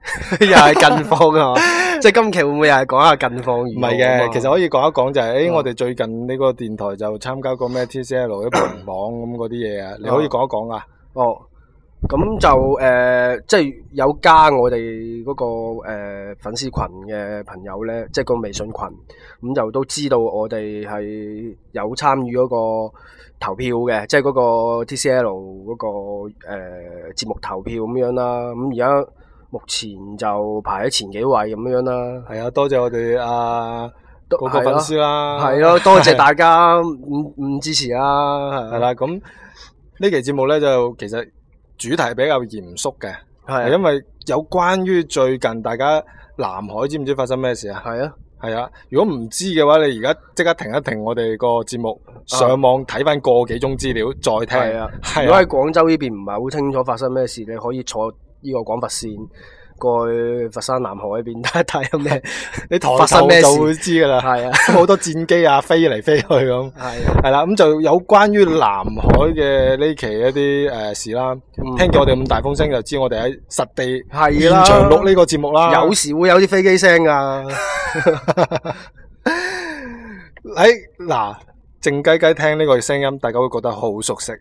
又係近況 啊！即係今期會唔會又係講下近況？唔係嘅，啊、其實可以講一講就係、是，誒、欸，我哋最近呢個電台就參加過咩 TCL 嘅評網咁嗰啲嘢啊，你可以講一講啊？哦，咁就誒，即、呃、係、就是、有加我哋嗰、那個誒、呃、粉絲群嘅朋友咧，即、就、係、是、個微信群，咁、嗯、就都知道我哋係有參與嗰個投票嘅，即係嗰個 TCL 嗰、那個誒節、呃、目投票咁樣啦。咁而家。目前就排喺前幾位咁樣啦。係啊，多謝我哋啊，各個粉絲啦，係咯，多謝大家唔唔的支持啊。係啦。咁呢期節目咧就其實主題比較嚴肅嘅，係的因為有關於最近大家南海知唔知發生咩事啊？係啊的，係啊。如果唔知嘅話，你而家即刻停一停我哋個節目，上網睇翻個幾宗資料再聽。係啊，如果喺廣州呢邊唔係好清楚發生咩事，你可以坐。呢個廣佛綫過去佛山南海嗰邊睇一睇有咩，是 你抬頭就會知噶啦。係啊，好 多戰機啊，飛嚟飛去咁。係、啊。係啦、啊，咁就有關於南海嘅呢期一啲誒事啦。聽住我哋咁大風聲，就知我哋喺實地、嗯啊、現場錄呢個節目啦。有時會有啲飛機聲噶。嗱， 靜雞雞聽呢個聲音，大家會覺得好熟悉。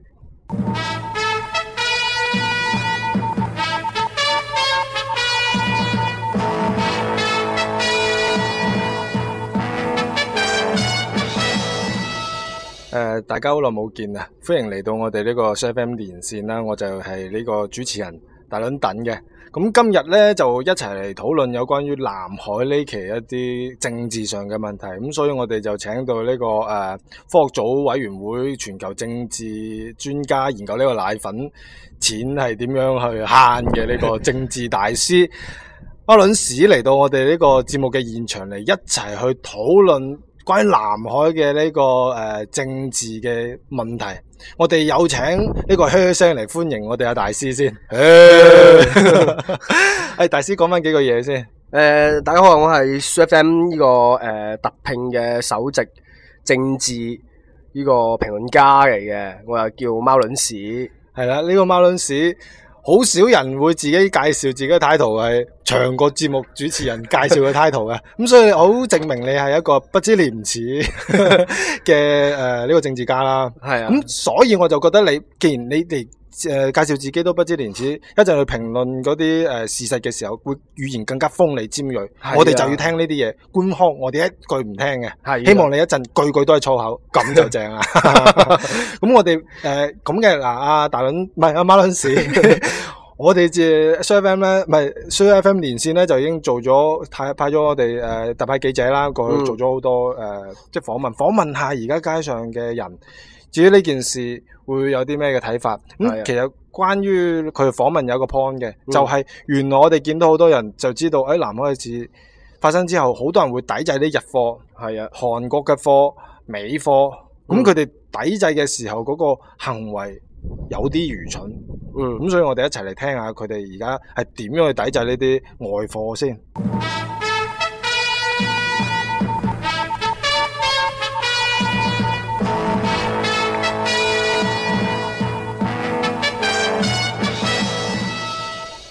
誒，uh, 大家好耐冇見啊！歡迎嚟到我哋呢個 SooFM 連線啦，我就係呢個主持人大躉等嘅。咁今日咧就一齊嚟討論有關於南海呢期一啲政治上嘅問題。咁所以我哋就請到呢、這個誒、啊、科學組委員會全球政治專家研究呢個奶粉錢係點樣去慳嘅呢個政治大師阿倫史嚟到我哋呢個節目嘅現場嚟一齊去討論。關於南海嘅呢、這個誒、呃、政治嘅問題，我哋有請呢個靴聲嚟歡迎我哋阿大師先。誒，係大師講翻幾句嘢先。誒、呃，大家好，我係 SooFM 呢個誒、呃、特聘嘅首席政治呢個評論家嚟嘅，我又叫貓卵屎。係啦，呢、這個貓卵屎。好少人會自己介紹自己嘅 title，係長過節目主持人介紹嘅 title 嘅，咁所以好證明你係一個不知廉恥嘅誒呢個政治家啦。係啊，咁所以我就覺得你既然你哋。你誒介紹自己都不知廉恥，一陣去評論嗰啲誒事實嘅時候，會語言更加鋒利尖鋭。我哋就要聽呢啲嘢，官方我哋一句唔聽嘅。係，希望你一陣句句都係粗口，咁就正啦。咁我哋誒咁嘅，嗱，阿大倫唔係阿馬倫士，我哋自 SooFM 咧，唔係 SooFM 連線咧，就已經做咗派派咗我哋誒特派記者啦，過去做咗好多誒即係訪問，訪問下而家街上嘅人。至於呢件事會有啲咩嘅睇法？咁的其實關於佢訪問有個 point 嘅，的就係原來我哋見到好多人就知道，喺、嗯哎、南海事發生之後，好多人會抵制啲日貨，係啊的，韓國嘅貨、美貨，咁佢哋抵制嘅時候嗰個行為有啲愚蠢。嗯，咁所以我哋一齊嚟聽下佢哋而家係點樣去抵制呢啲外貨先。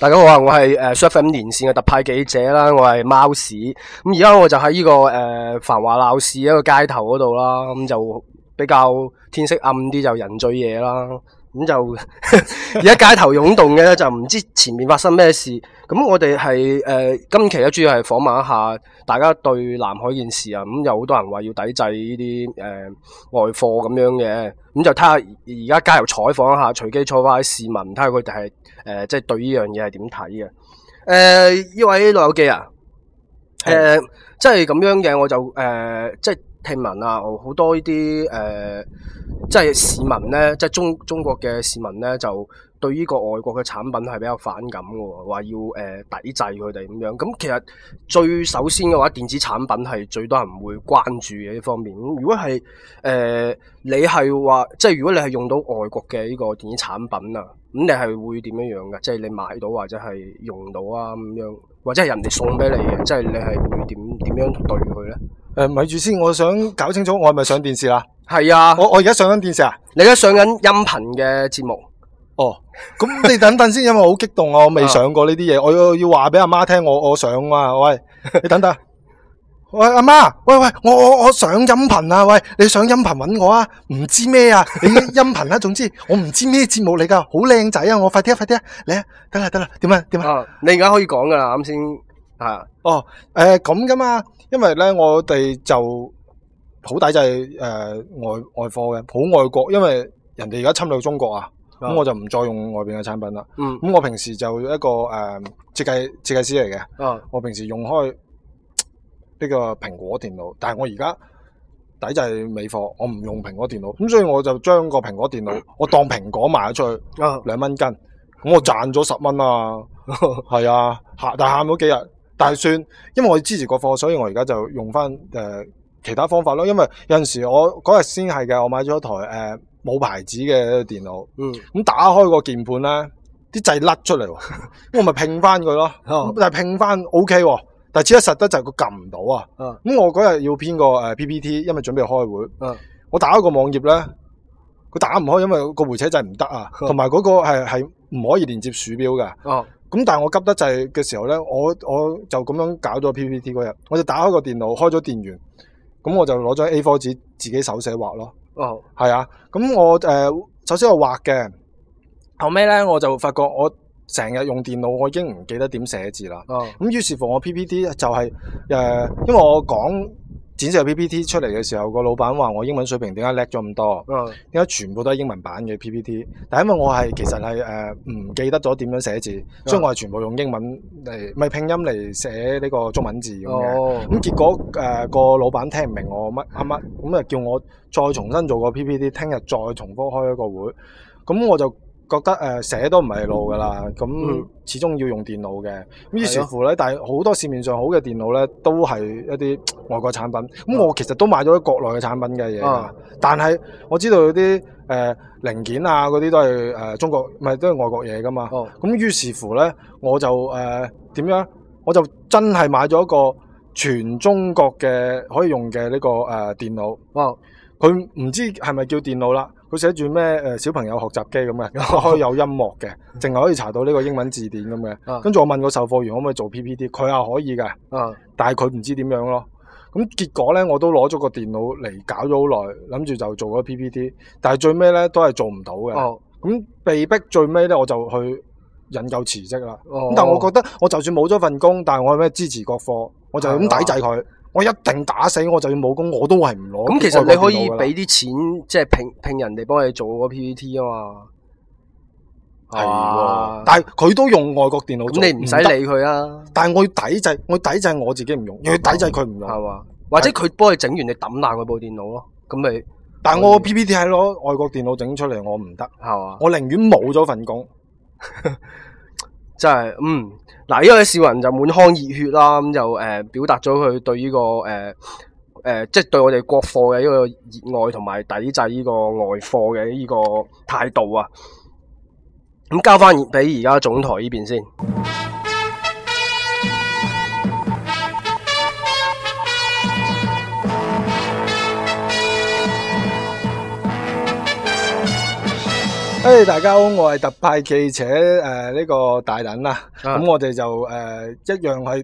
大家好啊！我係誒 SooFM 連線嘅特派記者啦，我係貓屎，咁而家我就喺呢、這個誒、呃、繁華鬧市一個街頭嗰度啦，咁、嗯、就比較天色暗啲，就人醉嘢啦。咁就而家街頭湧動嘅就唔知前面發生咩事。咁我哋係誒今期咧主要係訪問一下大家對南海件事啊。咁、嗯、有好多人話要抵制呢啲誒外貨咁樣嘅。咁、嗯、就睇下而家街頭，採訪一下，隨機坐翻啲市民，睇下佢哋係誒即係對呢樣嘢係點睇嘅。誒、呃、呢位老友記啊，誒的、呃、即係咁樣嘅，我就誒、呃、即係。聽聞啊，好多呢啲誒，即係市民咧，即係中中國嘅市民呢，就對呢個外國嘅產品係比較反感嘅，話要誒、呃、抵制佢哋咁樣。咁其實最首先嘅話，電子產品係最多人會關注嘅呢方面。咁如果係誒、呃，你係話即係如果你係用到外國嘅呢個電子產品啊，咁你係會點樣樣嘅？即係你買到或者係用到啊咁樣，或者係人哋送俾你嘅，即係你係會點點樣，樣對佢咧？誒，咪住先，我想搞清楚，我係咪上電視啦？係啊，我我而家上緊電視啊！你而家上緊音頻嘅節目？哦，咁你等等先，因為我好激動我啊，我未上過呢啲嘢，我要要話俾阿媽聽，我我上啊，喂，你等等，喂阿媽，喂喂，我我我上音頻啊，喂，你上音頻揾我啊，唔知咩啊，你音頻啊？總之我唔知咩節目嚟噶，好靚仔啊，我快啲啊，快啲啊，啊，啊，啊，啊，啊，啊，啊，你啊，得啦得啦，點啊點啊，你而家可以講噶啦，啱先。啊！哦，誒咁噶嘛，因為呢，我哋就好抵制誒外外貨嘅，好外國，因為人哋而家侵略中國啊。咁我就唔再用外邊嘅產品啦。嗯。咁我平時就一個誒設計設計師嚟嘅。啊。我平時用開呢個蘋果電腦，但係我而家抵制美貨，我唔用蘋果電腦。咁所以我就將個蘋果電腦我當蘋果賣咗出去，兩蚊斤，咁我賺咗十蚊啊。係啊，喊但喊咗幾日。但係算，因為我支持國貨，所以我而家就用翻誒、呃、其他方法咯。因為有陣時我嗰日先係嘅，我買咗一台誒冇、呃、牌子嘅電腦，咁、嗯、打開個鍵盤咧，啲掣甩出嚟，咁 我咪拼翻佢咯，嗯 OK、咯。但係拼翻 O K 喎，但係只係實得就係佢撳唔到啊。咁我嗰日要編個誒 P P T，因為準備開會，嗯、我打開個網頁咧，佢打唔開，因為個回車掣唔得啊，同埋嗰個係係唔可以連接鼠標㗎。嗯。咁但係我急得滯嘅時候咧，我我就咁樣搞咗 PPT 嗰日，我就打開個電腦，開咗電源，咁我就攞張 A4 紙自己手寫畫咯。哦，係啊，咁我誒、呃、首先我畫嘅，後尾咧我就發覺我成日用電腦，我已經唔記得點寫字啦。哦，咁於是乎我 PPT 就係、是、誒、呃，因為我講。展示 PPT 出嚟嘅時候，個老闆話：我英文水平點解叻咗咁多？點解全部都係英文版嘅 PPT？但因為我係其實係誒唔記得咗點樣寫字，所以我係全部用英文嚟，咪拼音嚟寫呢個中文字咁嘅。咁結果誒個老闆聽唔明我乜乜乜，咁啊叫我再重新做個 PPT，聽日再重複開一個會。咁我就，覺得誒、呃、寫都唔係路噶啦，咁始終要用電腦嘅。嗯、於是乎咧，但係好多市面上好嘅電腦咧，都係一啲外國產品。咁我其實都買咗國內嘅產品嘅嘢，啊、但係我知道有啲誒、呃、零件啊嗰啲都係誒、呃、中國，唔係都係外國嘢噶嘛。咁、啊、於是乎咧，我就誒點、呃、樣？我就真係買咗一個全中國嘅可以用嘅呢、呢個誒、呃、電腦。哦哇，佢唔知係咪叫電腦啦？佢寫住咩？誒小朋友學習機咁嘅，可 有音樂嘅，淨係可以查到呢個英文字典咁嘅。啊、跟住我問個售貨員可唔可以做 PPT，佢話可以㗎。嗯、啊，但係佢唔知點樣咯。咁結果咧，我都攞咗個電腦嚟搞咗好耐，諗住就做咗 PPT，但係最尾咧都係做唔到嘅。哦，咁被逼最尾咧，我就去引咎辭職啦。哦、但係我覺得我就算冇咗份工，但係我有咩支持國貨？我就係咁抵制佢。哦嗯我一定打死我就要冇工，我都係唔攞。咁其實你可以畀啲錢，即係聘聘人哋幫你做個 PPT 啊嘛。係、啊，但係佢都用外國電腦。咁你唔使理佢啊。但係我要抵制，我要抵制我自己唔用，我要抵制佢唔用，係嘛、嗯？吧或者佢幫你整完，你抌爛佢部電腦咯。咁咪？但係我個 PPT 係攞外國電腦整出嚟，我唔得，係嘛吧？我寧願冇咗份工。 真係，嗯。嗱，呢個少人就滿腔熱血啦，咁就誒、呃、表達咗佢對呢、這個誒誒，即、呃、係、呃就是、對我哋國貨嘅呢個熱愛同埋抵制呢個外貨嘅呢個態度啊。咁交翻俾而家總台呢邊先。誒，hey, 大家好，我係特派記者誒，呢、呃這個大躉啦，咁、uh. 我哋就誒、呃、一樣係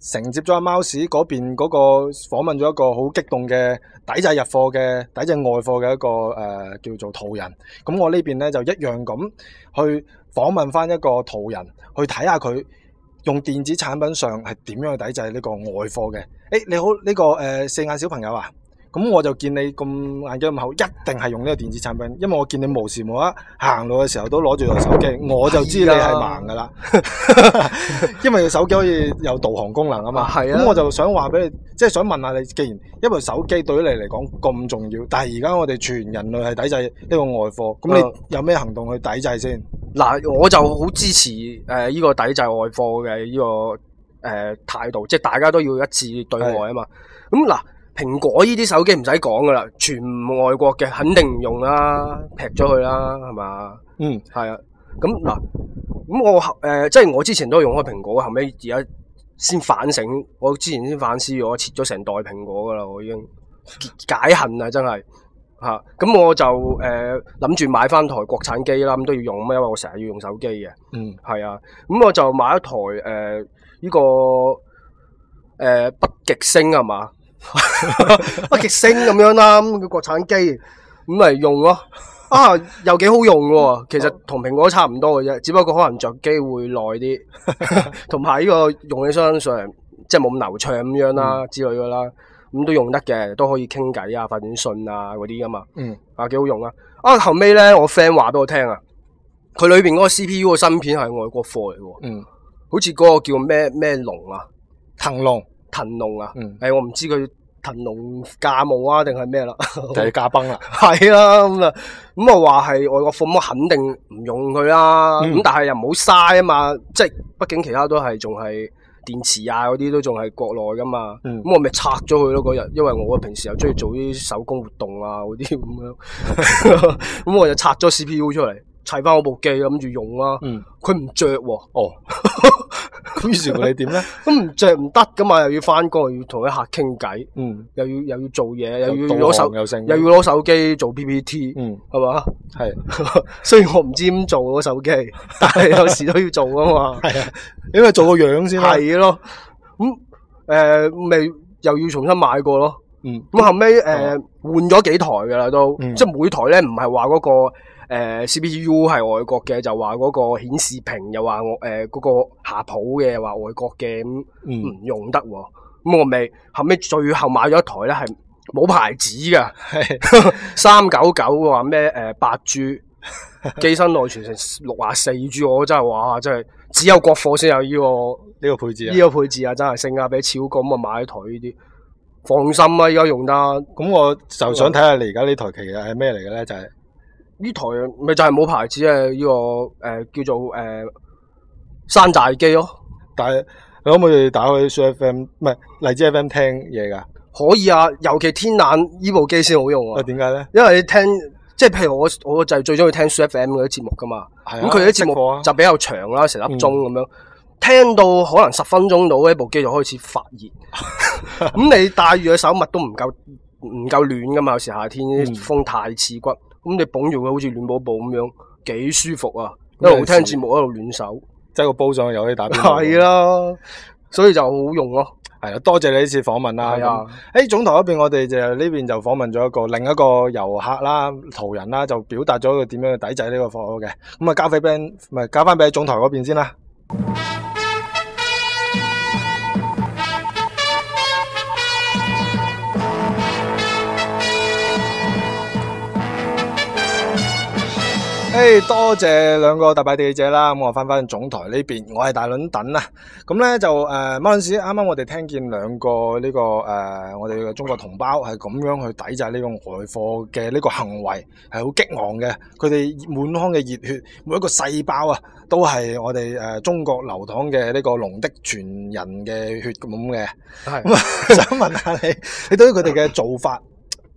承接咗阿貓史嗰邊嗰、那個訪問咗一個好激動嘅抵制日貨嘅抵制外貨嘅一個誒、呃、叫做途人，咁我呢邊呢，就一樣咁去訪問翻一個途人，去睇下佢用電子產品上係點樣抵制呢個外貨嘅。誒，你好，呢、這個誒、呃、四眼小朋友啊！咁我就見你咁眼睛咁好，一定係用呢個電子產品，因為我見你無時無刻行路嘅時候都攞住個手機，我就知你係盲噶啦。是啊、 因為手機可以有導航功能是啊嘛。係啊。咁我就想話俾你，即係想問下你，既然一部手機對於你嚟講咁重要，但係而家我哋全人類係抵制呢個外貨，咁你有咩行動去抵制先？嗱、啊，我就好支持誒呢、呃這個抵制外貨嘅呢、這個誒、呃、態度，即係大家都要一致對外是啊嘛。咁嗱。蘋果呢啲手機唔使講噶啦，全外國嘅肯定唔用啦，劈咗佢啦，係嘛？嗯，係啊。咁嗱，咁我誒，即係我之前都用開蘋果，後尾而家先反省，我之前先反思咗，我切咗成袋蘋果噶啦，我已經，我已經解，解恨啊，真係吓。咁我就誒諗住買翻台國產機啦，咁都要用咩？因為我成日要用手機嘅。嗯，係啊。咁我就買一台誒呢、呃這個誒、呃、北極星係嘛？北極、 啊、星咁樣啦、啊，咁個國產機咁咪用咯、啊，啊又幾好用嘅、啊，其實同蘋果差唔多嘅啫，只不過可能着機會耐啲，同埋呢個用起身上即係冇咁流暢咁樣啦、啊嗯、之類噶啦、啊，咁都用得嘅，都可以傾偈啊、發短信啊嗰啲噶嘛，嗯，啊幾好用啊，啊後尾咧我 friend 話俾我聽啊，佢裏邊嗰個 C P U 個芯片係外國貨嚟嘅，嗯，好似嗰個叫咩咩龍啊騰龍。騰龍啊，誒、嗯欸，我唔知佢騰龍駕霧啊定係咩啦，定係駕崩啦，係啦咁啊，咁啊話係外國父母肯定唔用佢啦，咁但係又唔好嘥啊嘛，即係畢竟其他都係仲係電池啊嗰啲都仲係國內噶嘛，咁我咪拆咗佢咯嗰日，因為我平時又中意做啲手工活動啊嗰啲咁樣，咁我就拆咗 C P U 出嚟砌翻我部機諗住用啦，佢唔着喎。咁於是乎你點咧？咁唔着唔得噶嘛，又要翻工，又要同啲客傾偈，嗯又，又要又要做嘢，又要攞手又要攞手機做 PPT，嗯，係嘛吧？係是，雖然我唔知點做個手機， 但係有時都要做啊嘛，係啊，因為做個樣先嘛。係咯，咁誒，咪、呃呃、又要重新買過咯，嗯，咁後尾誒換咗幾台噶啦都，嗯、即係每台咧唔係話嗰個。誒，C P U 係外國嘅，就話嗰個顯示屏又話我誒嗰個夏普嘅，話外國嘅咁唔用得喎。咁我咪後尾最後買咗一台咧，係冇牌子嘅，三九九嘅話咩？誒， 八 G 機身內存成六十四 G，我真係話，真係只有國貨先有呢、呢個呢個配置啊！呢個配置啊，真係性價比超高，咁啊買一台呢啲放心啊，而家用得。咁我就想睇下你而家呢台其實係咩嚟嘅咧，就係、係。呢台咪就係冇牌子嘅呢、這個誒、呃、叫做誒、呃、山寨機咯。但係你可唔可以打開 SooFM，唔係荔枝 FM 聽嘢噶？可以啊，尤其天冷呢部機先好用啊。點解咧？因為你聽即係譬如我我就最中意聽 SooFM 嗰啲節目噶嘛。咁佢啲節目就比較長啦，成粒、啊、鐘咁樣，聽到可能十分鐘到呢部機就開始發熱。咁 你戴住嘅手襪都唔夠唔夠暖噶嘛？有時夏天、嗯、 風太刺骨。咁你捧住佢好似暖寶寶咁樣，幾舒服啊！一路聽節目，一路暖手，即係個煲上又可以打邊爐，係啦，所以就好用咯、啊。係啊，多謝你呢次訪問啦。係啊的，喺、hey, 總台嗰邊我哋就呢邊就訪問咗一個另一個遊客啦、途人啦，就表達咗佢點樣抵制呢個火爐嘅。咁啊，交俾 Ben，唔係交翻俾總台嗰邊先啦。Hey, 多謝兩個特派記者啦。咁、嗯、我翻翻總台呢邊，我係大輪等啊。咁、嗯、咧就誒，陣時啱啱我哋聽見兩個呢、這個誒、呃，我哋嘅中國同胞係咁樣去抵制呢個外貨嘅呢個行為，係好激昂嘅。佢哋滿腔嘅熱血，每一個細胞啊，都係我哋誒、呃、中國流淌嘅呢個龍的傳人嘅血咁嘅。係是 想問下你，你對於佢哋嘅做法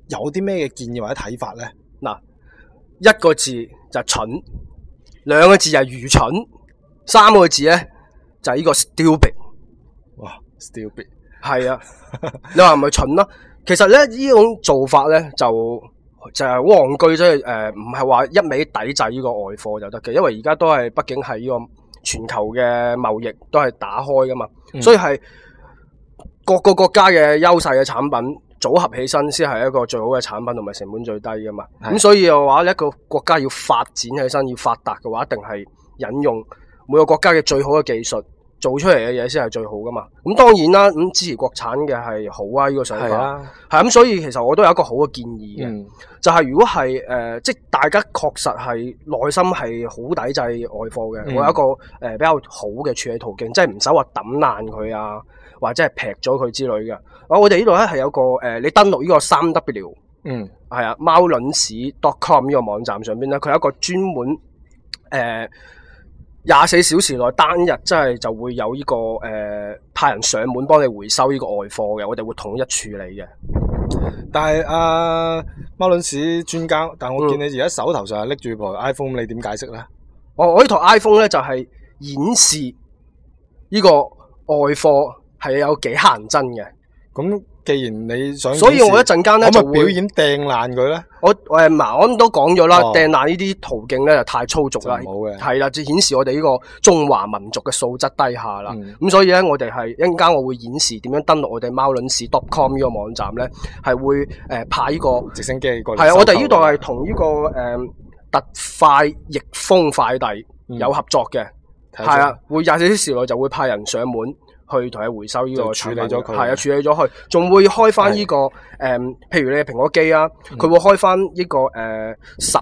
有啲咩嘅建議或者睇法咧？嗱，一個字。就係蠢，兩個字就愚蠢，三個字咧就係、是、呢個 stupid 哇。哇，stupid，係啊， 你話係咪蠢啦？其實咧呢種做法咧就就係好戇居即係誒，唔係話一味抵制呢個外貨就得嘅，因為而家都係畢竟係呢個全球嘅貿易都係打開噶嘛，嗯、所以係各個國家嘅優勢嘅產品。組合起身先係一個最好嘅產品，同埋成本最低噶嘛。咁的、嗯、所以嘅話，一個國家要發展起身，要發達嘅話，一定係引用每個國家嘅最好嘅技術做出嚟嘅嘢先係最好噶嘛。咁、嗯、當然啦，咁、嗯、支持國產嘅係好啊呢、呢個想法。係啊的，咁，所以其實我都有一個好嘅建議嘅，嗯、就係如果係誒、呃，即大家確實係內心係好抵制外貨嘅，嗯、我有一個誒、呃、比較好嘅處理途徑，即係唔使話抌爛佢啊。或者係劈咗佢之類嘅、哦。我我哋呢度咧係有個誒、呃，你登錄呢個三 W 嗯係啊貓卵屎 dot com 呢個網站上邊咧，佢有一個專門廿四、呃、小時內單日，即係就會有呢、這個誒、呃、派人上門幫你回收呢個外貨嘅。我哋會統一處理嘅。但係阿、呃、貓卵屎專家，但我見你而家手頭上拎住部 iPhone、嗯、你點解釋咧、哦？我我呢台 iPhone 咧就係、是、演示呢個外貨。係有幾行真嘅，咁既然你想，所以我一陣間呢，就會表演掟爛佢咧。我誒，我啱都講咗啦，掟爛呢啲途徑呢就太粗俗啦，係啦，就顯示我哋呢個中華民族嘅素質低下啦。咁所以呢，我哋係一陣間我會演示點樣登錄我哋貓卵屎 .com 呢個網站呢，係會誒派呢個直升機過嚟。係啊，我哋呢度係同呢個誒特快逆風快遞有合作嘅，係啦，會廿四小時內就會派人上門。去同佢回收呢個就處理咗佢，係啊，處理咗佢，仲會開翻、這、呢個誒的、嗯，譬如你蘋果機啊，佢會開翻、這、呢個誒、呃、十，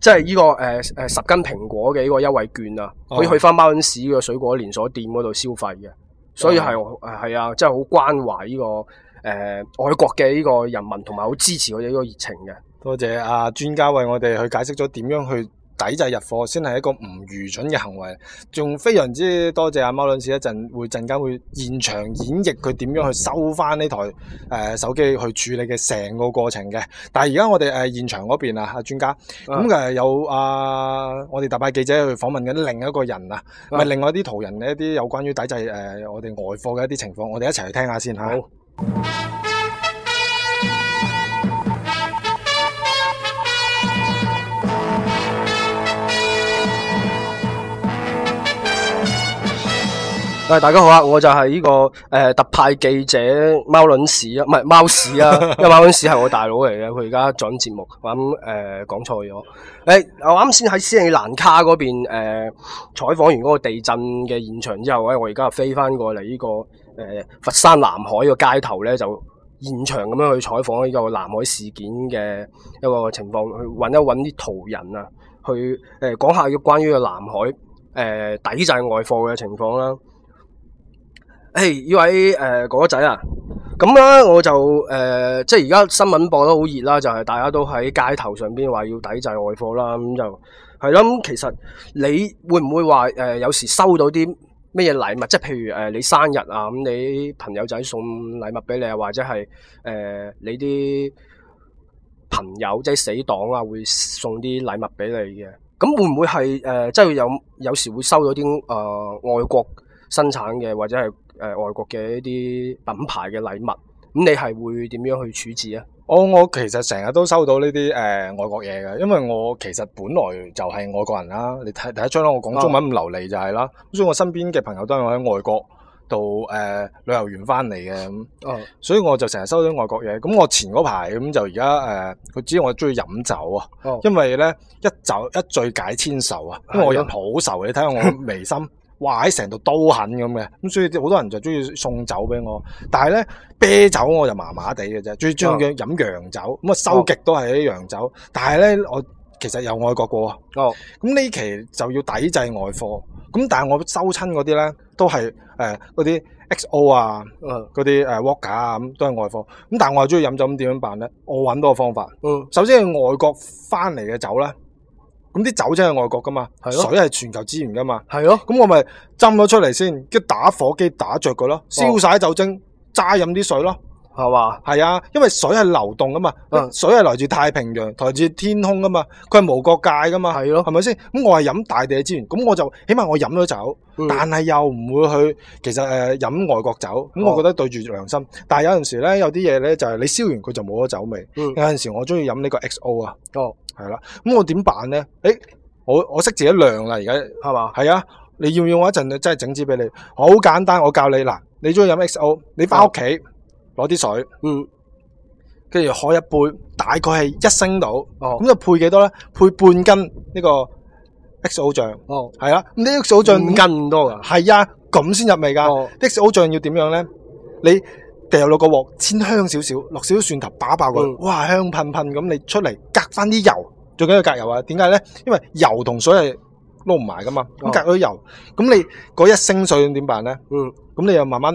即係呢、這個誒誒、呃、十斤蘋果嘅呢個優惠券啊，可以去翻貓眼市呢個水果連鎖店嗰度消費嘅，所以係誒係啊，即係好關懷呢、這個誒愛、呃、國嘅呢個人民，同埋好支持我哋呢個熱情嘅，多謝阿專、啊、家為我哋去解釋咗點樣去。抵制日貨先係一個唔愚蠢嘅行為，仲非常之多謝阿貓卵屎一陣會陣間會，會，會現場演繹佢點樣去收翻呢台誒、呃、手機去處理嘅成個過程嘅。但係而家我哋誒、呃、現場嗰邊啊，阿專家咁誒、嗯嗯、有啊，我哋特派記者去訪問緊另一個人啊，咪、嗯、另外啲途人一啲有關於抵制誒、呃、我哋外貨嘅一啲情況，我哋一齊去聽，聽下先嚇。喂，大家好啊！我就係呢、這個誒、呃、特派記者貓卵屎啊，唔係貓屎啊，因為貓卵屎係我大佬嚟嘅，佢而家轉節目，話咁誒講錯咗。誒、呃欸，我啱先喺斯里蘭卡嗰邊誒採訪完嗰個地震嘅現場之後咧、呃，我而家飛翻過嚟呢個誒、呃、佛山南海嘅街頭咧，就現場咁樣去採訪呢個南海事件嘅一個情況，去搵一搵啲途人啊，去誒講、呃、下嘅關於個南海誒、呃、抵制外貨嘅情況啦。誒，依、hey, 位誒、呃，哥哥仔啊，咁、嗯、咧我就誒、呃，即係而家新聞播得好熱啦，就係、是、大家都喺街頭上邊話要抵制外貨啦。咁、嗯、就係咯，咁、嗯、其實你會唔會話誒、呃，有時收到啲乜嘢禮物？即譬如誒、呃，你生日啊，咁你朋友仔送禮物畀你啊，或者係誒、呃、你啲朋友即係死黨啊，會送啲禮物畀你嘅？咁、嗯、會唔會係誒、呃，即係有有時會收到啲誒、呃、外國生產嘅，或者係？誒，外國嘅一啲品牌嘅禮物，咁你係會點樣去處置啊？我我其實成日都收到呢啲誒外國嘢嘅，因為我其實本來就係外國人啦。你睇得出啦，我講中文咁流利就係、是、啦。哦、所以我身邊嘅朋友都係喺外國度誒、呃、旅遊完翻嚟嘅咁，哦、所以我就成日收到外國嘢。咁我前嗰排咁就而家誒，佢、呃、知我中意飲酒啊，哦、因為咧一酒一醉解千愁啊。因為我飲好愁，你睇下我眉心。 哇！喺成度都肯咁嘅，咁所以好多人就中意送酒俾我。但係咧，啤酒我就麻麻地嘅啫，最中意飲洋酒。咁啊、嗯，收極都係啲洋酒。哦、但係咧，我其實有愛國㗎喎。哦，咁呢期就要抵制外貨。咁但係我收親嗰啲咧，都係誒嗰啲 XO 啊，嗰啲誒威格啊，咁都係外貨。咁但係我又中意飲酒，咁點樣辦咧？我揾到個方法。嗯，首先外國翻嚟嘅酒咧。咁啲酒精係外國噶嘛，是的 水係全球資源噶嘛，咁是的 我咪斟咗出嚟先，跟住打火機打着佢咯，燒曬啲酒精，揸飲啲水咯。係嘛？係啊，因為水係流動噶嘛，水係嚟自太平洋，嚟自天空噶嘛，佢係無國界噶嘛，係咯，係咪先？咁我係飲大地資源，咁我就起碼我飲咗酒，但係又唔會去其實誒飲外國酒，咁我覺得對住良心。但係有陣時咧，有啲嘢咧就係你燒完佢就冇咗酒味。有陣時我中意飲呢個 X O 啊，哦係啦，咁我點辦咧？誒，我我識自己量啦，而家係嘛？係啊，你要唔要我一陣真係整支俾你？好簡單，我教你啦，你中意飲 X O，你翻屋企。攞啲水，嗯，跟住開一杯，大概係一升到，哦，咁就配幾多咧？配半斤呢個 xo 醬，哦，係啊，咁呢個 xo 醬五斤唔多噶，係呀，咁先入味噶。xo 醬要點樣咧？你掉落個鑊，煎香少少，落少少蒜頭，把爆佢，哇，香噴噴咁。你出嚟隔翻啲油，最緊要隔油啊，點解咧？因為油同水係撈唔埋噶嘛，咁隔咗油，咁你嗰一升水點辦咧？嗯，咁你又慢慢。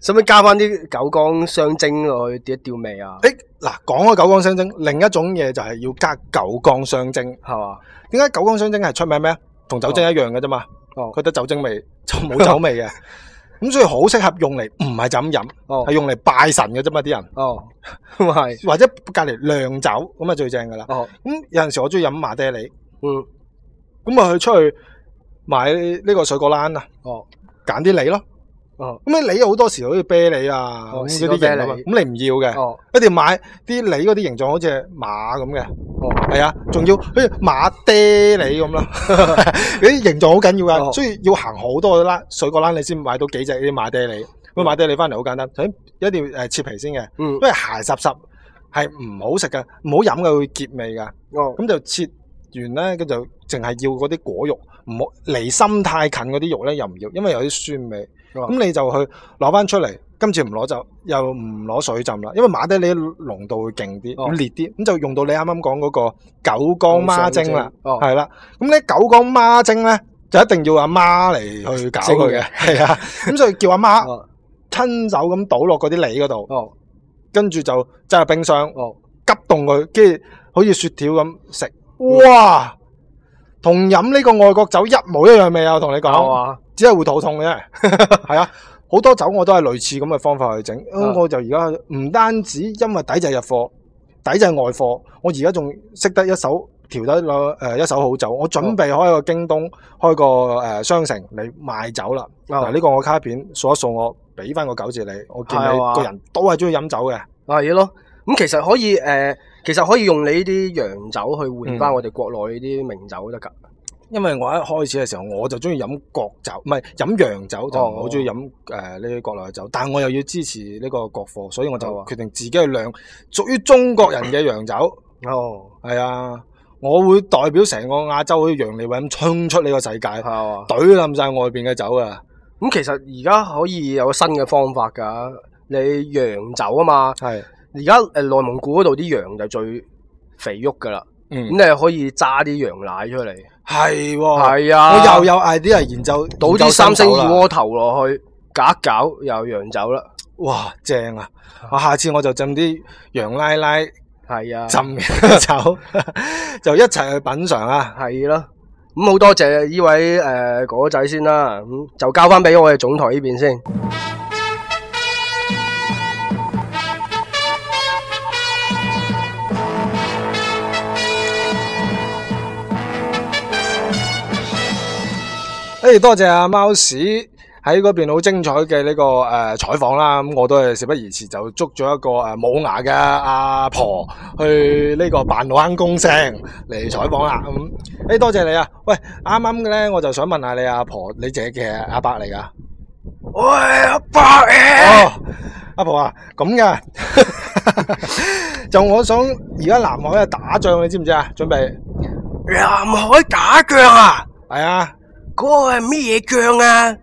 使唔使加翻啲九江雙蒸落去調一調味啊？誒，嗱，講開九江雙蒸，另一種嘢就係要加九江雙蒸，係嘛？點解九江雙蒸係出名咩？同酒精一樣嘅啫嘛。哦，佢得酒精味，就冇酒味嘅。咁所以好適合用嚟唔係就咁飲，哦，係用嚟拜神嘅啫嘛啲人。哦，咁係或者隔籬釀酒咁啊最正噶啦。哦，咁有陣時我中意飲馬爹梨。嗯。咁啊去出去買呢個水果欄啊。哦。揀啲梨咯。哦，咁啲梨好多時好似啤梨啊，嗰啲形咁，你唔要嘅，一定要買啲梨嗰啲形狀好似馬咁嘅，係啊，仲要好似馬爹梨咁啦，嗰啲形狀好緊要噶，所以要行好多嘅水果欄，你先買到幾隻啲馬爹梨。咁馬爹梨翻嚟好簡單，首先一定要誒切皮先嘅，因為鞋濕濕係唔好食噶，唔好飲噶會結味噶，咁就切完咧，咁就淨係要嗰啲果肉。唔好離心太近嗰啲肉咧又唔要，因為有啲酸味。咁、oh. 你就去攞翻出嚟，今次唔攞就又唔攞水浸啦，因為馬爹利濃度會勁啲，烈啲、oh.，咁就用到你啱啱講嗰個九江孖精啦，係啦。咁咧九江孖精咧就一定要阿媽嚟去搞佢嘅，係啊。咁所以叫阿媽，媽親手咁倒落嗰啲梨嗰度，跟住、oh. 就擠入冰箱，oh. 急凍佢，跟住好似雪條咁食，嗯、哇！同飲呢個外國酒一模一樣味吧 啊！我同你講，只係會肚痛嘅。係啊，好多酒我都係類似咁嘅方法去整是、嗯。我就而家唔單止因為抵制日貨，抵制外貨，我而家仲識得一手調得誒、呃、一手好酒。我準備開個京東，吧開個誒、呃、商城嚟賣酒啦。嗱吧，呢個我卡片數一數，我俾翻個九字你。我見你個吧人都係中意飲酒嘅，係咯。咁其實可以誒。呃其實可以用你啲洋酒去換翻我哋國內呢啲名酒得㗎，嗯、因為我一開始嘅時候我就中意飲國酒，唔係飲洋酒就我好中意飲誒呢啲國內酒，但係我又要支持呢個國貨，所以我就決定自己去釀、哦、屬於中國人嘅洋酒。哦，係啊，我會代表成個亞洲嘅楊利偉咁衝出呢個世界，對冧晒外邊嘅酒啊！咁、嗯、其實而家可以有新嘅方法㗎，你洋酒啊嘛，係。而家誒，內蒙古嗰度啲羊就最肥郁噶啦，咁、嗯、你可以揸啲羊奶出嚟。係，係啊，啊我又有 idea 研究，倒啲三星二鍋頭落去，夾搞又羊酒啦。哇，正啊！我下次我就浸啲羊奶奶，係啊，浸嘅酒就一齊去品嘗啊。係咯、啊，咁、嗯、好多謝呢位誒哥哥、呃、仔先啦，咁就交翻俾我哋總台呢邊先。多謝阿貓屎喺嗰邊好精彩嘅呢、這個誒採訪啦，咁、嗯、我都係事不宜遲就捉咗一個誒冇、呃、牙嘅阿婆去呢個扮老坑公聲嚟採訪啦。咁、嗯、誒多謝你啊！喂，啱啱嘅咧，我就想問下你阿婆，你姐嘅阿伯嚟噶？喂，阿伯耶、啊哦！阿婆啊，咁嘅 就我想而家南海打仗，你知唔知啊？準備南海打仗啊？係啊！嗰個係乜嘢醬啊？誒、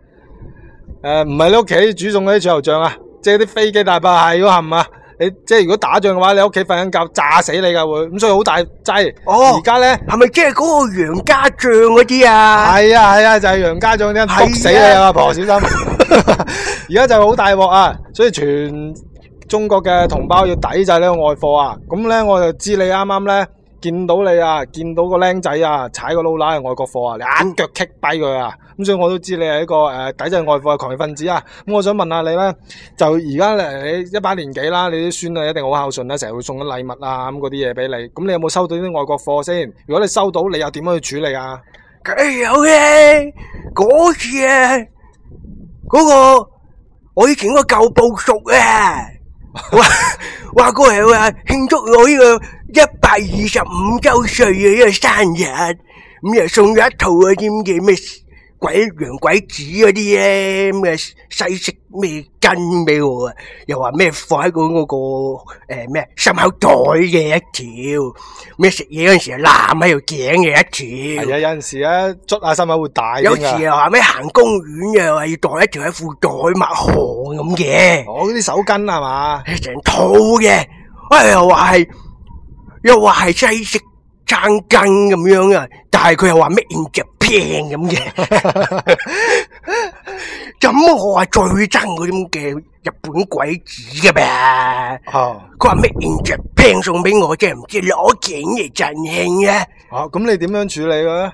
呃，唔係你屋企煮餸嗰啲醬油醬啊，即係啲飛機大炮係，嗰係唔係？你即係如果打仗嘅話，你屋企瞓緊覺炸死你噶會，咁所以好大劑。哦，而家咧係咪即係嗰個楊家將嗰啲啊？係啊係啊，就係、是、楊家將啲，吓、啊、死你啊婆、婆，小心！而 家就係好大鑊啊，所以全中國嘅同胞要抵制呢個外貨啊。咁咧我就知你啱啱咧。見到你啊，見到個僆仔啊，踩個老乸嘅外國貨啊，你一腳踢低佢啊！咁、嗯嗯、所以我都知你係一個誒、呃、抵制外貨嘅狂熱分子啊！咁、嗯、我想問下你咧，就而家你一把年紀啦，你啲孫啊一定好孝順啦、啊，成日會送啲禮物啊咁嗰啲嘢俾你。咁、嗯、你有冇收到啲外國貨先？如果你收到，你又點樣去處理啊？梗係有嘅，嗰次嗰個我已經攞舊報熟嘅。 哇，哇，過嚟話慶祝我呢個一百二十五周歲嘅呢個生日，咁又送咗一套嗰啲嘢咩？知鬼洋鬼子嗰啲咧，咩西式咩巾俾我啊？又話咩放喺、那個嗰個誒咩心口袋嘅一條，咩食嘢嗰陣時啊攬喺度頸嘅一條。係啊，有陣時咧捉下心口會大。有時又話咩行公園，又話要袋一條一副袋一條喺褲袋抹汗咁嘅。我嗰啲手巾係嘛，成套嘅，哎呀，又話係又話係西式餐巾咁樣啊，但係佢又話咩平咁嘅，咁 我係最憎嗰啲嘅日本鬼子嘅咩？哦，佢話咩人着平送俾我，即係唔知景、啊 oh, 你攞景嚟贈興嘅。哦，咁你點樣處理嘅咧？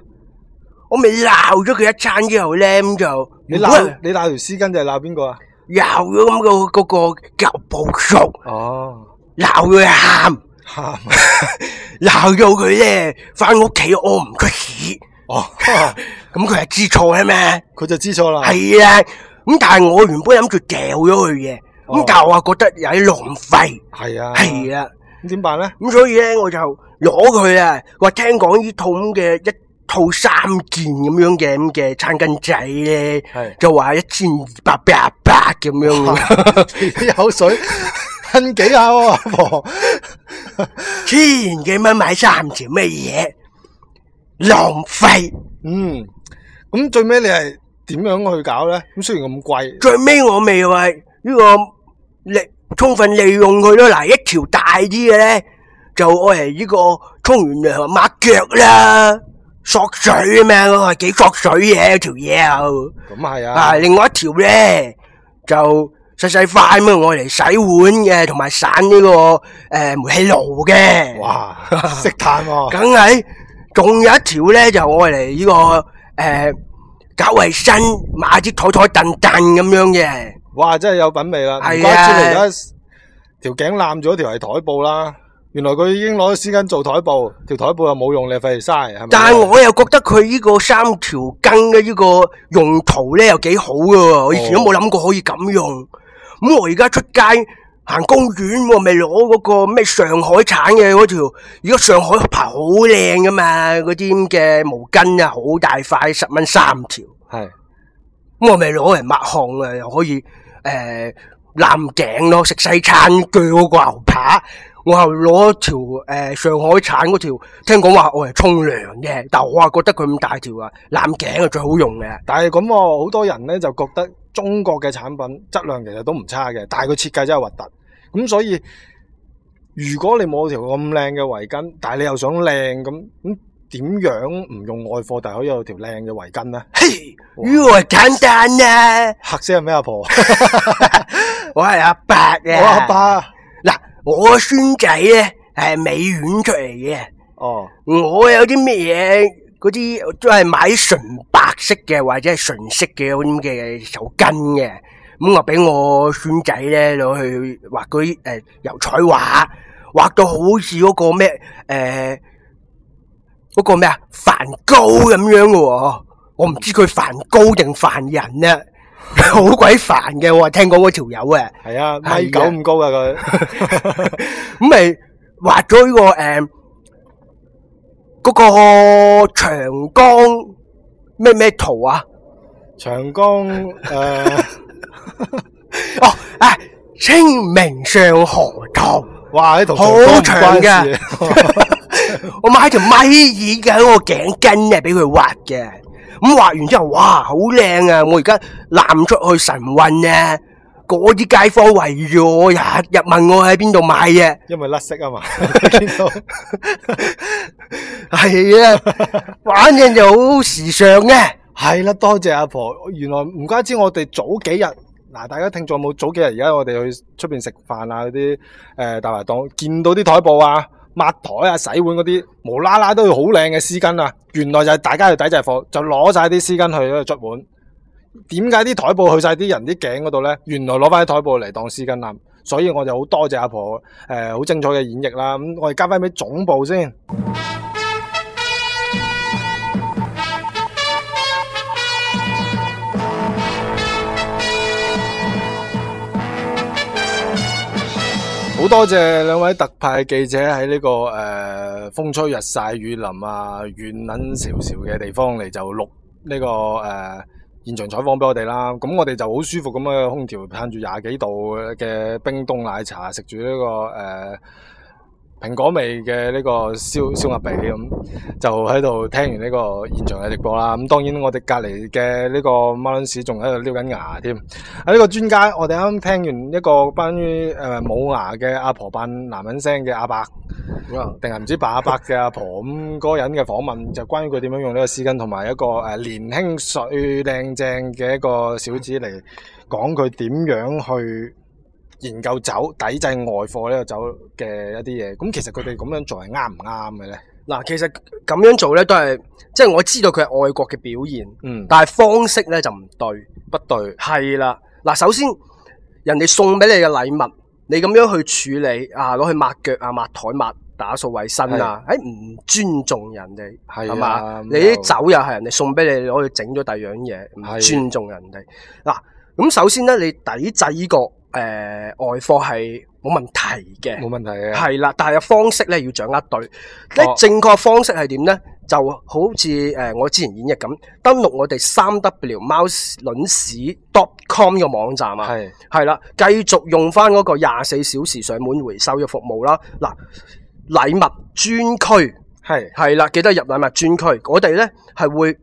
我咪鬧咗佢一餐之後咧，咁就你鬧你鬧條絲巾定鬧邊個啊？鬧咗咁個嗰個舊部屬哦，鬧佢喊喊，鬧到佢咧翻屋企屙唔出屎。哦，咁佢係知錯係咩佢就知錯啦。係啊，咁但係我原本諗住掉咗佢嘅，咁但係我覺得有啲浪費。係啊，係啊，咁點辦咧？咁所以咧，我就攞佢啊，話聽講呢套咁嘅一套三件咁樣嘅咁嘅餐巾仔咧，就話一千二百八八咁樣，一口水，吞幾下喎，千幾蚊買三條咩嘢？浪費，嗯，咁最尾你係點樣去搞咧？咁雖然咁貴，最尾我咪話呢個利充分利用佢咯。嗱，一條大啲嘅咧，就愛嚟呢個沖完涼抹腳啦、索水啊嘛，係幾索水嘅條嘢啊。咁係啊，啊，另外一條咧就細細塊咁啊，愛嚟洗碗嘅，同埋散呢、這個誒、呃、煤氣爐嘅。哇，食炭喎，梗係。仲有一條咧，就我嚟呢個誒，搞、呃、衛生買支枱枱凳凳咁樣嘅，哇！真係有品味啦。係啊的，條頸攋咗條係台布啦。原來佢已經攞咗絲巾做台布，條台布又冇用，你費事嘥係嘛。是是但，係我又覺得佢呢個三條筋嘅呢個用途咧又幾好㗎，我以前都冇諗過可以咁用。咁、哦嗯、我而家出街。行公園我未攞嗰個咩上海產嘅嗰條，而家上海牌好靚㗎嘛，嗰啲嘅毛巾啊，好大塊，十蚊三條。係是，咁我未攞嚟抹汗啊，又可以誒攬、呃、頸咯，食西餐鋸嗰個牛扒，我又攞條誒、呃、上海產嗰條，聽講話愛嚟沖涼嘅，但我話覺得佢咁大條啊，攬頸啊最好用嘅。但係咁喎，好多人呢，就覺得中國嘅產品質量其實都唔差嘅，但係佢設計真係核突。咁所以，如果你冇條咁靚嘅圍巾，但係你又想靚咁，咁點樣唔用外貨，但係可以有條靚嘅圍巾咧？嘿 Hey, 哇，呢個簡單呢。嚇死人咩？阿婆，我係阿伯嘅，我阿爸嗱，我孫仔咧係美院出嚟嘅。哦，我有啲咩嘢？嗰啲都係買純白色嘅，或者係純色嘅咁嘅手巾嘅。咁啊！俾我孫仔咧，攞去畫嗰啲油彩畫，畫到好似嗰個咩誒嗰個咩啊梵高咁樣嘅喎、哦。我唔知佢梵高定梵人咧，好 鬼煩嘅。我聽講嗰條友嘅係啊，係、啊、九咁高九五高啊佢咁咪畫咗呢、這個誒嗰、呃那個長江咩咩圖啊？長江誒。呃 哦，哎、啊，清明上河圖哇，哇，呢度好長嘅，我買條米耳嘅喺我頸巾咧，俾佢畫嘅，咁畫完之後，哇，好靚啊！我而家攬出去晨運啊，嗰啲街坊圍住我，日日問我喺邊度買嘅，因為甩色啊嘛，係啊，反正就好時尚嘅、啊，係啦、啊，多謝、謝阿婆，原來唔怪之我哋早幾日。嗱，大家聽咗冇，早幾日，而家我哋去出邊食飯啊，嗰啲誒大排檔，見到啲台布啊、抹台啊、洗碗嗰啲，無啦啦、e、都要好靚嘅絲巾啊，原來就係大家去抵制貨，就攞晒啲絲巾去咗去捽碗。點解啲台布去晒啲人啲頸嗰度咧？原來攞翻啲台布嚟當絲巾啦、啊。所以我就好多謝阿婆誒、呃、好精彩嘅演繹啦。咁、呃、我哋交翻俾總部先。嗯嗯語音好多謝兩位特派記者喺呢、這個誒、呃、風吹日曬雨淋啊遠捻潮潮嘅地方嚟就錄呢、這個誒、呃、現場採訪俾我哋啦，咁我哋就好舒服咁樣空調嘆住廿幾度嘅冰凍奶茶，食住呢個誒。呃蘋果味嘅呢個燒燒鴨髀咁就喺度聽完呢個現場嘅直播啦。咁、嗯、當然我哋隔籬嘅呢個貓卵屎仲喺度撩緊牙添。喺、啊、呢、這個專家，我哋啱啱聽完一個關於誒冇牙嘅阿婆扮男人聲嘅阿伯，定係唔知把阿伯嘅阿婆咁嗰、嗯那個人嘅訪問，就關於佢點樣用呢個絲巾同埋一個誒、啊、年輕帥靚正嘅一個小子嚟講佢點樣去。研究酒抵制外貨呢個酒嘅一啲嘢，咁其實佢哋咁樣做係啱唔啱嘅呢？嗱，其實咁樣做呢都係，即係我知道佢係愛國嘅表現，嗯，但係方式呢就唔對，不對，係啦對。嗱，首先人哋送俾你嘅禮物，你咁樣去處理啊，攞去抹腳啊、抹枱、抹打掃衞生啊，係唔的尊重人哋係嘛？你啲酒又係人哋送俾你，攞去整咗第二樣嘢，唔尊重人哋。嗱，咁首先呢，你抵制呢個。誒、呃，外貨係冇問題嘅，冇問題嘅，係啦。但係個方式咧要掌握對，咧、哦、正確方式係點咧？就好似誒、呃、我之前演繹咁，登錄我哋三 w 貓卵屎 dotcom 嘅網站啊，係係啦，繼續用翻嗰個廿四小時上門回收嘅服務啦。嗱，禮物專區係係啦，記得入禮物專區，我哋咧係會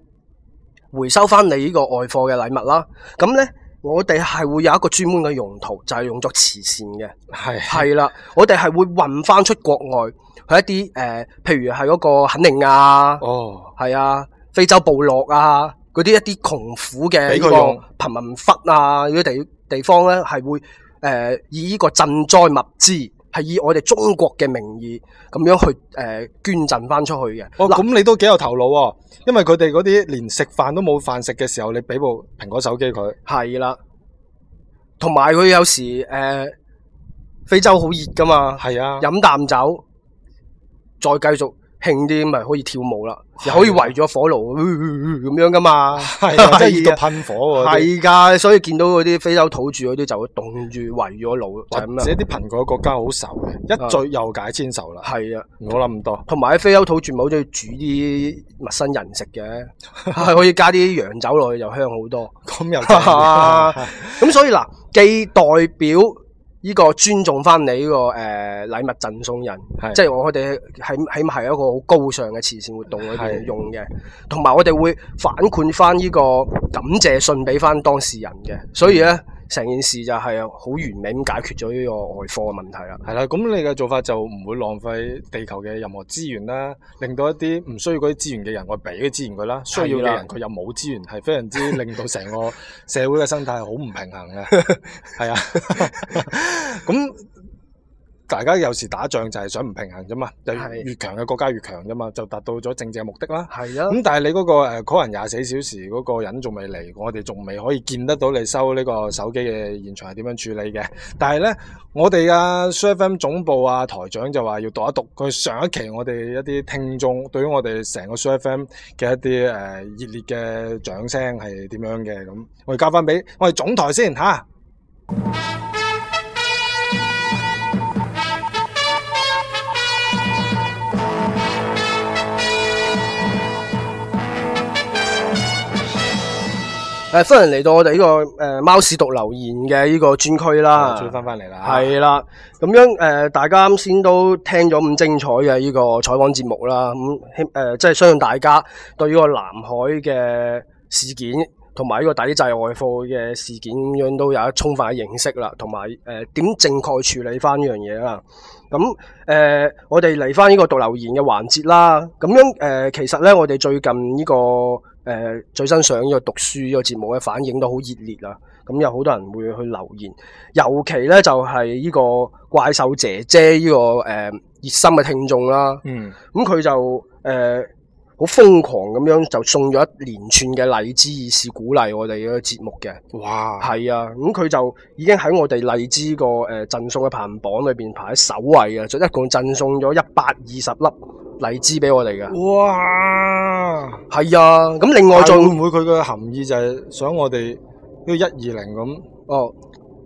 回收翻你呢個外貨嘅禮物啦。咁咧。我哋係會有一個專門嘅用途，就係、是、用作慈善嘅，係係啦，我哋係會運返出國外去一啲誒、呃，譬如係嗰個肯尼亞、啊，哦，係啊，非洲部落啊，嗰啲一啲窮苦嘅一個貧民窟啊，嗰啲地地方咧，係會誒以呢個賑災物資。係以我哋中國嘅名義咁樣去誒、呃、捐贈翻出去嘅。哦，咁你都幾有頭腦喎、哦，因為佢哋嗰啲連食飯都冇飯食嘅時候，你俾部蘋果手機佢。係啦，同埋佢有時誒、呃，非洲好熱噶嘛。係啊的，飲啖酒，再繼續。興啲咪可以跳舞啦，又可以圍咗火爐咁、呃、樣噶嘛，即係熱到噴火喎、啊。係噶，所以見到嗰啲非洲土著嗰啲就會凍住圍咗爐，或者啲貧窮國家好愁嘅，啊、一醉又解千愁啦。係啊的，我諗唔多。同埋喺非洲土著咪好中意煮啲陌生人食嘅，係 可以加啲洋酒落去又香好多。咁 又得，咁 所以嗱，既代表。呢個尊重翻你呢個誒禮物贈送人，的即係我我哋喺喺係一個好高尚嘅慈善活動裏邊用嘅，同埋的我哋會反饋翻呢個感謝信俾翻當事人嘅，所以咧。嗯成件事就係好完美咁解決咗呢個外貨嘅問題啦，係啦，咁你嘅做法就唔會浪費地球嘅任何資源啦，令到一啲唔需要嗰啲資源嘅人，我俾啲資源佢啦，需要嘅人佢又冇資源，係非常之令到成個社會嘅生態好唔平衡嘅，係 啊的，咁。 大家有時打仗就係想唔平衡啫嘛，越的越強嘅國家越強啫嘛，就達到咗政治目的啦。咁的、嗯、但係你嗰個可能廿四小時嗰、嗰個人仲未嚟，我哋仲未可以見得到你收呢個手機嘅現場係點樣處理嘅。但係咧，我哋嘅 SooFM 總部啊台長就話要讀一讀佢上一期我哋一啲聽眾對於我哋成個 SooFM 嘅一啲誒熱烈嘅掌聲係點樣嘅咁。我哋交翻俾我哋總台先嚇。誒、啊，歡迎嚟到我哋呢、這個誒貓屎讀留言嘅呢個專區啦，轉翻翻嚟啦，係啦，咁樣誒、呃，大家啱先都聽咗咁精彩嘅呢個採訪節目啦，咁、嗯、誒、呃，即係相信大家對呢個南海嘅事件同埋呢個抵制外貨嘅事件咁樣都有一充分嘅認識啦，同埋誒點正確處理翻呢樣嘢啦，咁誒、呃，我哋嚟翻呢個讀留言嘅環節啦，咁樣誒、呃，其實咧我哋最近呢、這個。誒，最新上依個讀書依個節目嘅反應都好熱烈啊！咁有好多人會去留言，尤其咧就係依個怪獸姐姐依個、誒、呃、熱心嘅聽眾啦。嗯，咁佢就誒好瘋狂咁樣就送咗一連串嘅荔枝以示鼓勵我哋嘅節目嘅。哇，係啊！咁佢就已經喺我哋荔枝個誒贈送嘅排行榜裏邊排喺首位啊！就一共贈送咗一百二十粒。荔枝畀我哋嘅，哇，係啊，咁另外仲會唔會佢嘅含意就係想我哋要一二零咁？這個、哦，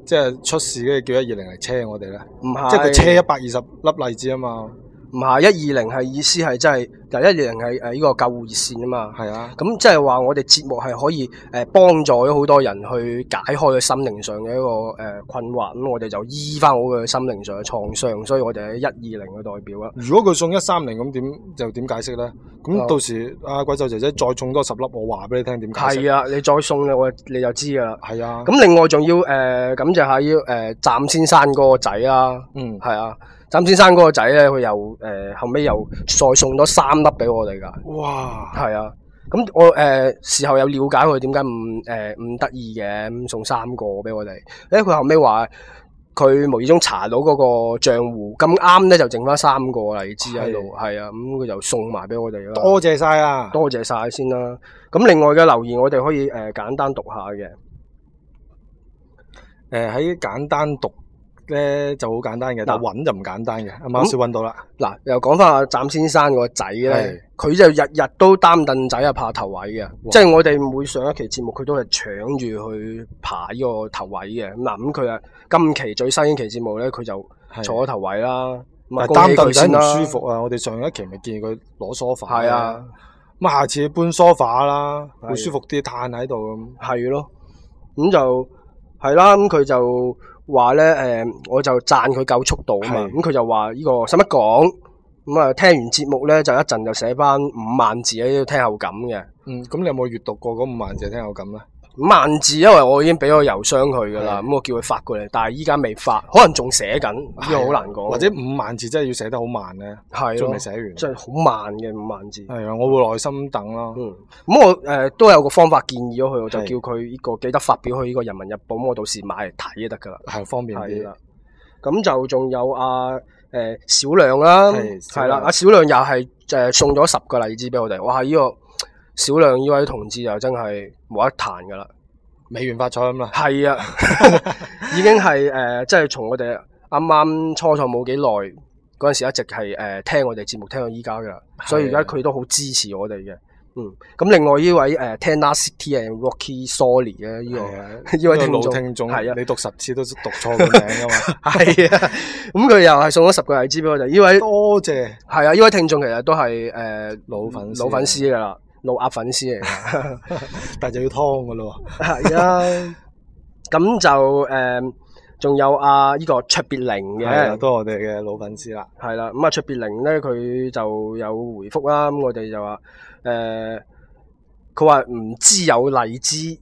即係出事跟住叫一二零嚟車我哋咧，唔係是，即係佢車一百二十粒荔枝啊嘛，唔係一二零係意思係真係。第一二零係誒呢個救護熱線啊嘛，係啊。咁即係話我哋節目係可以誒、uh, 幫助咗好多人去解開佢心靈上嘅一個誒、uh, 困惑，咁我哋就醫翻我嘅心靈上嘅創傷，所以我哋喺一二零嘅代表 1, 3, 0,、嗯嗯、啊。如果佢送一三零咁點就點解釋咧？咁到時阿鬼獸姐姐再送多十粒我，我話俾你聽點？係啊，你再送咧，我你就知噶啦。係啊，咁另外仲要誒咁、uh, 就係要誒湛先生嗰個仔、啊、嗯，係啊，湛先生嗰個仔咧，佢又誒、呃、後尾又再送多三。粒俾我哋㗎，哇，係啊，咁我誒、呃、事後有了解佢點解唔誒唔得意嘅，唔送三個俾我哋。誒，佢後尾話佢無意中查到嗰個賬戶咁啱咧，就剩翻三個荔枝喺度，係是啊，咁、嗯、佢就送埋俾我哋啦。多謝晒啦、啊！多謝晒先啦。咁另外嘅留言我哋可以誒、呃、簡單讀下嘅，誒喺、呃、簡單讀。咧就好簡單嘅，但係就唔簡單嘅。啱馬少搵到啦。嗱，又講翻阿湛先生個仔咧，佢就日日都擔凳仔啊拍頭位嘅。即係我哋每上一期節目，佢都係搶住去爬呢個頭位嘅。嗱，咁佢啊，今期最新一期節目咧，佢就坐喺頭位啦。擔凳仔唔舒服啊！我哋上一期咪見佢攞梳化，f a 係啊，咁下次搬梳化啦，會舒服啲，嘆喺度咁。係咯，咁就係啦。咁佢就。話咧誒，我就讚佢夠速度啊嘛，咁佢是的、嗯、就話呢、這個使乜講，咁啊、嗯、聽完節目咧就一陣就寫翻五萬字嘅聽後感嘅，嗯，咁你有冇閱讀過嗰五萬字聽後感咧？五萬字，因為我已經俾個郵箱佢噶啦，咁的我叫佢發過嚟，但係依家未發，可能仲寫緊，呢個好難講。或者五萬字真係要寫得好慢咧，係仲未寫完，即係好慢嘅五萬字。係啊，我會耐心等咯、啊。嗯，咁我誒、呃、都有個方法建議咗佢，我就叫佢呢、這個的記得發表去呢個人民日報，咁我到時買嚟睇就得噶、啊呃、啦，係方便啲啦。咁就仲有阿誒小亮啦，係啦，阿小亮又係誒送咗十個例子俾我哋，哇，呢、這個。小亮呢位同志又真係冇得彈噶啦，美元發財咁啦，係是啊， 已經係誒，即係從我哋啱啱初創冇幾耐嗰陣時，一直係誒、呃、聽我哋節目，聽到依家噶，所以而家佢都好支持我哋嘅，嗯，咁另外呢位誒、呃、，Tenacity and Rocky Solly 嘅呢個呢位聽眾，聽眾係啊，你讀十次都讀錯個名噶嘛，係 啊，咁佢又係送咗十個荔枝俾我哋，呢位多謝，係啊，呢位聽眾其實都係誒、呃、老粉老粉絲噶啦。老阿粉絲嚟噶， 但就要劏噶咯喎。係啊， 咁就誒，仲、呃、有啊，呢、這個卓別林嘅，都係我哋嘅老粉絲啦。係啦，咁啊卓別林咧，佢就有回覆啦。咁、嗯、我哋就話誒，佢話唔知有荔枝。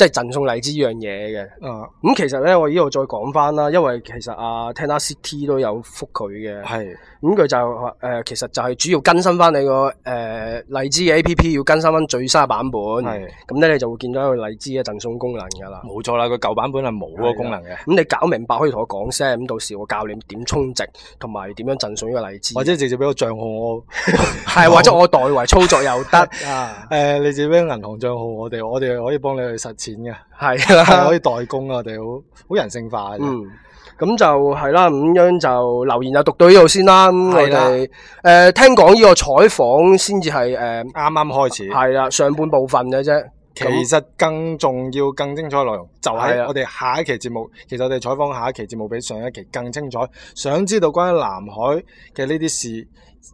即係贈送荔枝呢樣嘢嘅，咁、嗯嗯、其實咧我依度再講翻啦，因為其實啊 Tenacity 都有覆佢嘅，係的，咁佢、嗯、就話、呃、其實就係主要更新翻你個誒、呃、荔枝嘅 A P P 要更新翻最新版本，係的，咁咧你就會見到一個荔枝嘅贈送功能嘅啦，冇錯啦，個舊版本係冇個功能嘅，咁、嗯嗯、你搞明白可以同我講聲，咁、嗯、到時我教你點充值，同埋點樣贈送呢個荔枝，或者直接俾個賬號我，係 或者我代為操作又得 啊，誒你直接俾銀行賬號我哋我哋可以幫你去實時。嘅係係可以代工啊！我哋好好人性化啊。嗯，咁就係啦，咁樣就留言又讀到呢度先啦。咁的我哋誒、呃、聽講呢個採訪先至係誒、啱啱開始係啦、嗯，上半部分嘅啫。其實更重要、更精彩內容就係、是、我哋下一期節目。的其實我哋採訪下一期節目比上一期更精彩。想知道關於南海嘅呢啲事？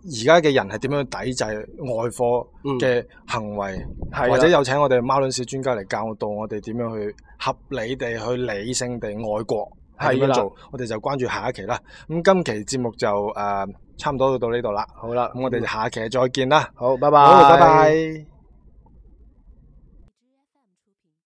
而家嘅人係點樣抵制外貨嘅行為，嗯、或者有請我哋貓卵屎專家嚟教導我哋點樣去合理地去理性地愛國係咁的做，我哋就關注下一期啦。咁今期節目就誒、呃、差唔多就到呢度啦，好啦了，咁我哋下期再見啦、嗯，好，拜拜，拜拜、okay。